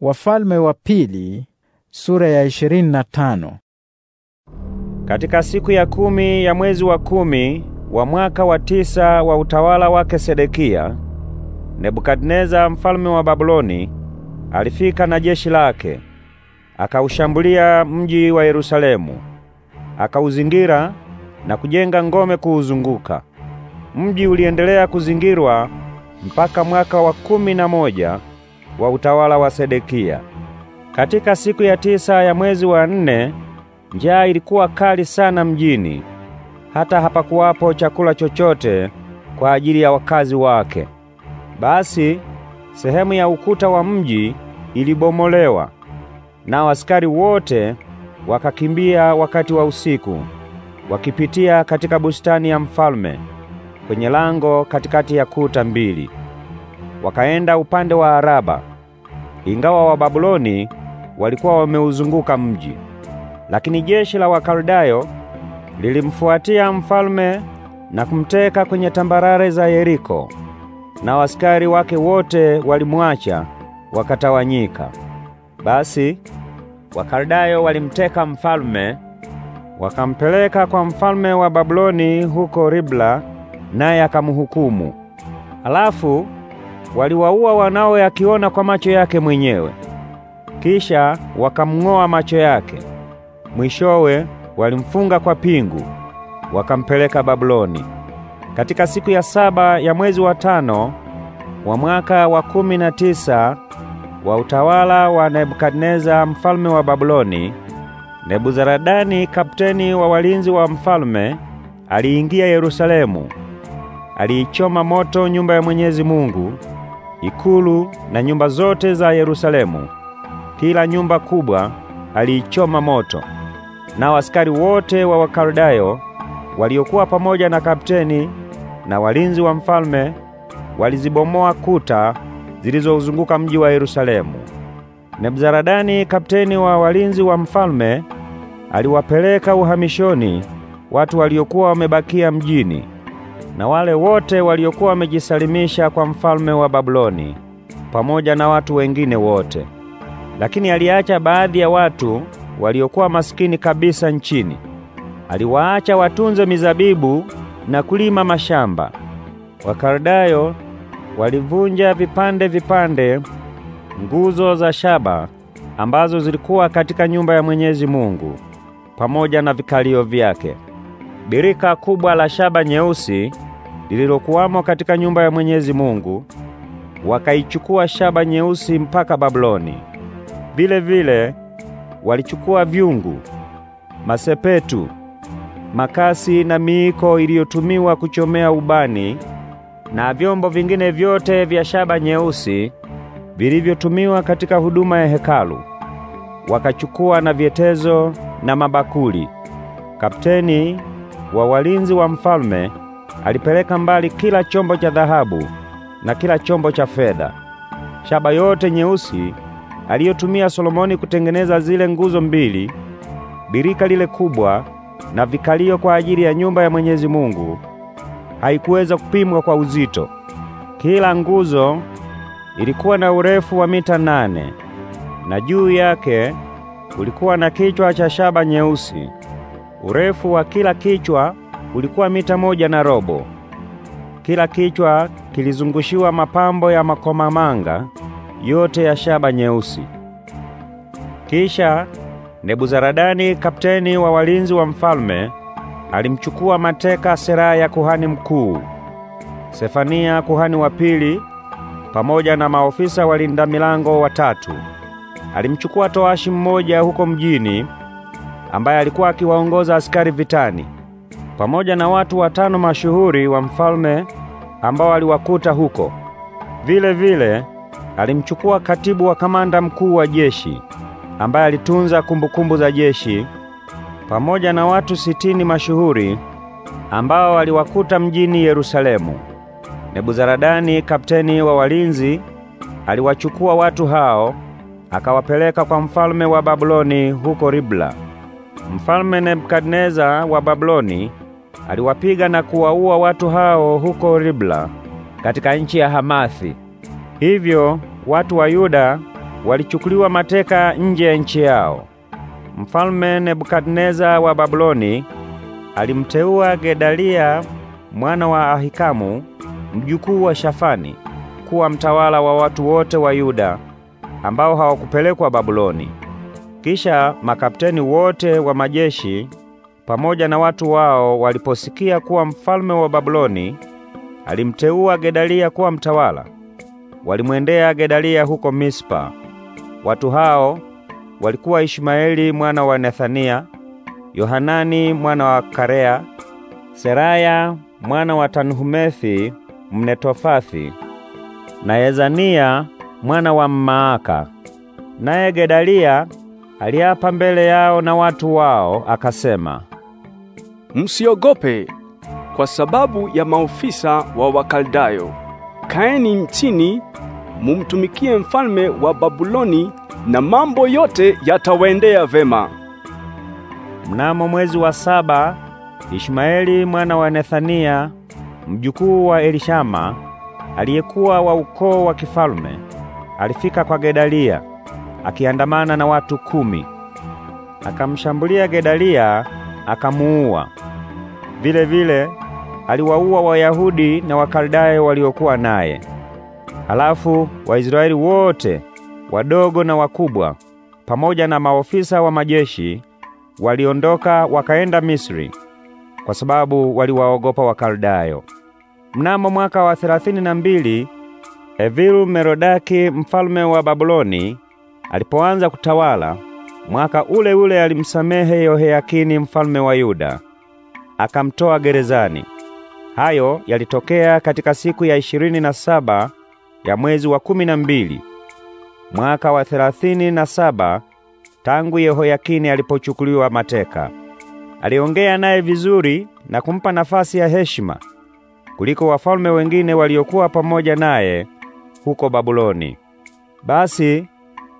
Wafalme wa pili, sura ya 25. Katika siku ya kumi ya mwezi wa kumi wa mwaka wa tisa wa utawala wake Sedekia, Nebukadneza mfalme wa Babuloni alifika na jeshi lake, akaushambulia mji wa Yerusalemu, akauzingira na kujenga ngome kuuzunguka. Mji uliendelea kuzingirwa mpaka mwaka wa kumi na moja wa utawala wa Sedekia. Katika siku ya tisa ya mwezi wa nne, njaa ilikuwa kali sana mjini, hata hapakuwapo chakula chochote kwa ajili ya wakazi wake. Basi sehemu ya ukuta wa mji ilibomolewa, na askari wote wakakimbia wakati wa usiku, wakipitia katika bustani ya mfalme kwenye lango katikati ya kuta mbili wakaenda upande wa Araba. Ingawa Wababuloni walikuwa wameuzunguka mji, lakini jeshi la Wakaldayo lilimfuatia mfalme na kumteka kwenye tambarare za Yeriko, na askari wake wote walimwacha wakatawanyika. Basi Wakaldayo walimteka mfalme wakampeleka kwa mfalme wa Babuloni huko Ribla, naye akamhukumu. Alafu waliwaua wanawe akiona kwa macho yake mwenyewe, kisha wakamng'oa macho yake. Mwishowe walimfunga kwa pingu, wakampeleka Babuloni. Katika siku ya saba ya mwezi wa tano wa mwaka wa kumi na tisa wa utawala wa Nebukadneza mfalme wa Babuloni, Nebuzaradani kapteni wa walinzi wa mfalme aliingia Yerusalemu. Aliichoma moto nyumba ya Mwenyezi Mungu ikulu na nyumba zote za Yerusalemu. Kila nyumba kubwa aliichoma moto, na askari wote wa Wakaldayo waliokuwa pamoja na kapteni na walinzi wa mfalme walizibomoa kuta zilizouzunguka mji wa Yerusalemu. Nebuzaradani kapteni wa walinzi wa mfalme aliwapeleka uhamishoni watu waliokuwa wamebakia mjini na wale wote waliokuwa wamejisalimisha kwa mfalme wa babuloni pamoja na watu wengine wote. Lakini aliacha baadhi ya watu waliokuwa masikini kabisa nchini. Aliwaacha watunze mizabibu na kulima mashamba. Wakaldayo walivunja vipande vipande nguzo za shaba ambazo zilikuwa katika nyumba ya Mwenyezi Mungu pamoja na vikalio vyake birika kubwa la shaba nyeusi lililokuwamo katika nyumba ya Mwenyezi Mungu, wakaichukua shaba nyeusi mpaka babuloni Vile vile walichukua vyungu, masepetu, makasi na miiko iliyotumiwa kuchomea ubani na vyombo vingine vyote vya shaba nyeusi vilivyotumiwa katika huduma ya hekalu. Wakachukua na vyetezo na mabakuli. Kapteni wa walinzi wa mfalme alipeleka mbali kila chombo cha dhahabu na kila chombo cha fedha. Shaba yote nyeusi aliyotumia Solomoni kutengeneza zile nguzo mbili, birika lile kubwa na vikalio kwa ajili ya nyumba ya Mwenyezi Mungu haikuweza kupimwa kwa uzito. Kila nguzo ilikuwa na urefu wa mita nane na juu yake kulikuwa na kichwa cha shaba nyeusi. Urefu wa kila kichwa ulikuwa mita moja na robo. Kila kichwa kilizungushiwa mapambo ya makomamanga yote ya shaba nyeusi. Kisha Nebuzaradani, kapteni wa walinzi wa mfalme, alimchukua mateka Seraya kuhani mkuu, Sefania kuhani wa pili, pamoja na maofisa walinda milango watatu. Alimchukua toashi mmoja huko mjini ambaye alikuwa akiwaongoza askari vitani pamoja na watu watano mashuhuri wa mfalme ambao aliwakuta huko. Vile vile alimchukua katibu wa kamanda mkuu wa jeshi ambaye alitunza kumbukumbu za jeshi pamoja na watu sitini mashuhuri ambao aliwakuta mjini Yerusalemu. Nebuzaradani, kapteni wa walinzi, aliwachukua watu hao akawapeleka kwa mfalme wa Babuloni huko Ribla. Mfalme Nebukadneza wa babuloni aliwapiga na kuwaua watu hao huko Ribla katika nchi ya Hamathi. Hivyo watu wa Yuda walichukuliwa mateka nje ya nchi yao. Mfalme Nebukadneza wa babuloni alimteua Gedalia mwana wa Ahikamu mjukuu wa Shafani kuwa mtawala wa watu wote wa Yuda ambao hawakupelekwa babuloni kisha makapteni wote wa majeshi pamoja na watu wao waliposikia kuwa mfalme wa Babiloni alimteua Gedalia kuwa mtawala, walimwendea Gedalia huko Mispa. Watu hao walikuwa Ishmaeli mwana wa Nethania, Yohanani mwana wa Karea, Seraya mwana wa Tanhumethi Mnetofathi na Yezania mwana wa Maaka. Naye Gedalia aliapa mbele yao na watu wao akasema, msiogope kwa sababu ya maofisa wa Wakaldayo. Kaeni nchini mumtumikie mfalme wa Babuloni, na mambo yote yatawaendea vema. Mnamo mwezi wa saba, Ishmaeli mwana wa Nethania mjukuu wa Elishama aliyekuwa wa ukoo wa kifalme alifika kwa Gedalia akiandamana na watu kumi. Akamshambulia Gedalia akamuua. Vile vile aliwaua Wayahudi na Wakaldayo waliokuwa naye. Halafu Waisraeli wote wadogo na wakubwa pamoja na maofisa wa majeshi waliondoka wakaenda Misri kwa sababu waliwaogopa Wakaldayo. Mnamo mwaka wa thelathini na mbili Evilu Merodaki mfalme wa Babuloni Alipoanza kutawala mwaka ule ule, alimsamehe Yehoyakini mfalme wa Yuda, akamtoa gerezani. Hayo yalitokea katika siku ya ishirini na saba ya mwezi wa kumi na mbili mwaka wa thelathini na saba tangu Yehoyakini alipochukuliwa mateka. Aliongea naye vizuri na kumpa nafasi ya heshima kuliko wafalme wengine waliokuwa pamoja naye huko Babuloni. Basi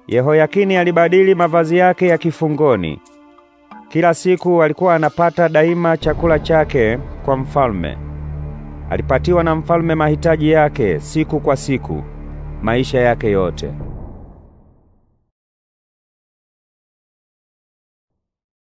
Yehoyakini alibadili mavazi yake ya kifungoni. Kila siku alikuwa anapata daima chakula chake kwa mfalme. Alipatiwa na mfalme mahitaji yake siku kwa siku maisha yake yote.